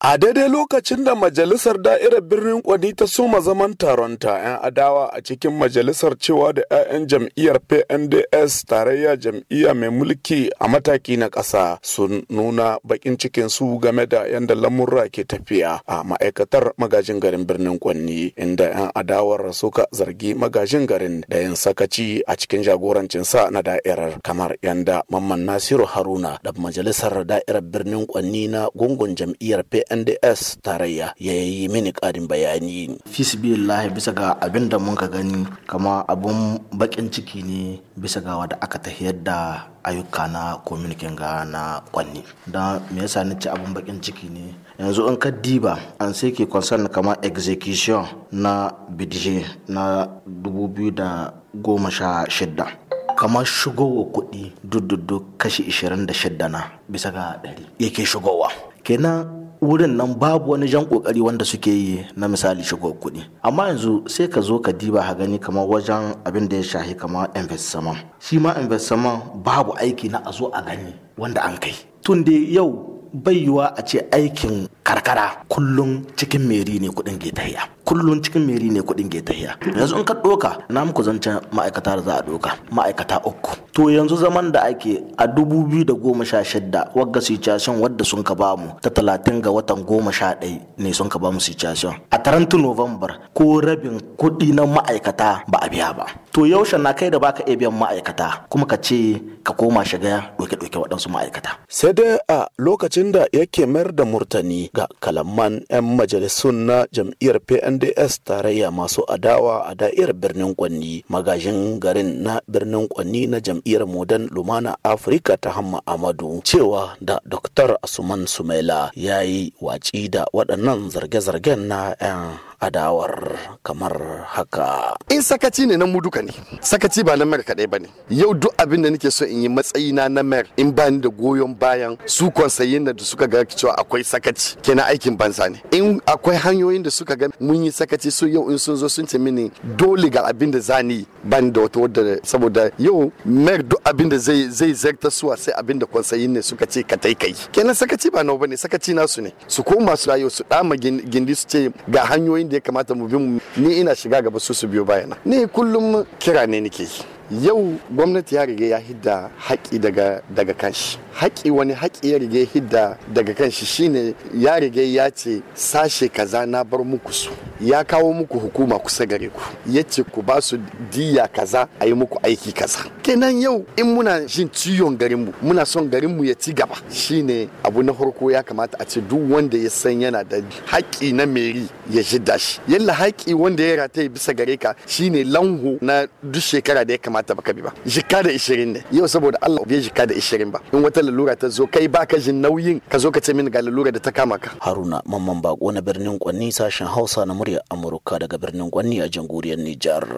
A daidai lokacin da majalisar da'irar birnin Kwani ta soma zaman taronta 'yan adawa a cikin majalisar cewa da 'ya'yan jam'iyyar PNDS tarayya jam'iyya mai mulki a mataki na ƙasa sun nuna bakin cikin su game da yadda lamurra ke tafiya a ma'aikatar magajin garin birnin Kwani inda 'yan adawar suka zargi magajin garin da yin sakaci a cikin jagorancin sa na da'irar kamar yadda Mamman Nasiru Haruna da majalisar da'irar birnin Kwani na gungun jam'iyyar PNDS nds tarayya ya yi mini ƙarin bayani fisbillahi bisa ga abin da mun ka gani kama abun bakin ciki ne bisa ga wadda aka tahiyar da ayyuka na kominikin ga na kwanni don me yasa na ci abun bakin ciki ne yanzu an ka diba an sai ke concern kama execution na bidje na 2016 kamar shigowa kuɗi dududu kashi 26 na bisa ga 100 yake shigowa kenan wurin nan babu wani jan kokari wanda suke yi na misali shigo kuɗi amma yanzu sai ka zo ka diba ha gani kamar wajen abin da ya shahi kamar investment shi ma investment babu aiki na a zo a gani wanda an kai tun da yau baiwa a ce aikin karkara kullum cikin meri ne kudin getahiya kullum cikin meri ne kudin getahiya yanzu in ka doka na muku zancen ma'aikata da za a doka ma'aikata uku to yanzu zaman da ake a dubu biyu da goma sha shidda wagga situation wadda sun ka bamu ta talatin ga watan goma sha ɗaya ne sun ka bamu situation a taranta november ko rabin kudi na ma'aikata ba a biya ba to yaushe na kai da baka iya biyan ma'aikata kuma ka ce ka koma shiga doki ta waɗansu ma'aikata. Sai dai a lokacin da yake mayar da murtani ga kalaman 'yan majalisun na jam'iyyar PNDS tarayya masu adawa a da'irar birnin Kwanni magajin garin na birnin Kwanni na jam'iyyar Modern Lumana Afirka ta Hamma Amadu cewa da Dr. Asuman Sumaila ya yi watsi da waɗannan zarge-zargen na 'yan adawar kamar haka. In sakaci ne na mu duka ne, sakaci ba na mayar kaɗai ba ne. Yau duk abin da nake so in yi matsayina na mayar in ba ni da goyon bayan su konsayin da suka ga cewa akwai sakaci kenan aikin banza ne. In akwai hanyoyin da suka ga mun yi sakaci so yau in sun zo sun ce mini dole ga abin da zani ba da wata wadda saboda yau mayar duk abin da zai zai zarta suwa sai abin da konsayin ne suka ce ka tai kai. Kenan sakaci ba nawa ba ne sakaci nasu ne. Su koma su yau su dama gindi su ce ga hanyoyin da ya kamata mu bi mu ni ina shiga gaba su su biyo bayana ni kullum kira ne nake yi yau gwamnati ya rige ya hidda haƙi daga, kanshi haƙi wani haƙi ya rige hidda daga kanshi shine ya rige ya ce sashe kaza na bar muku su ya kawo muku hukuma kusa gare ku ya ce ku ba su diya kaza a yi muku aiki kaza kenan yau in muna jin ciwon garinmu muna son garinmu ya ci gaba shine abu na farko ya kamata a ce duk wanda ya san yana da haƙi na meri ya shidda shi yalla haƙi wanda ya rataye bisa gare ka shine lanhu na duk shekara da ya kamata kamata ba ka bi ba jika da 20 ne yau saboda Allah bai jika da 20 ba in wata lalura ta zo kai baka jin nauyin ka zo ka ce mini ga lalura da ta kama ka Haruna Mamman Bako na birnin Kwanni sashen Hausa na murya Amurka daga birnin Kwanni a jamhuriyar Nijar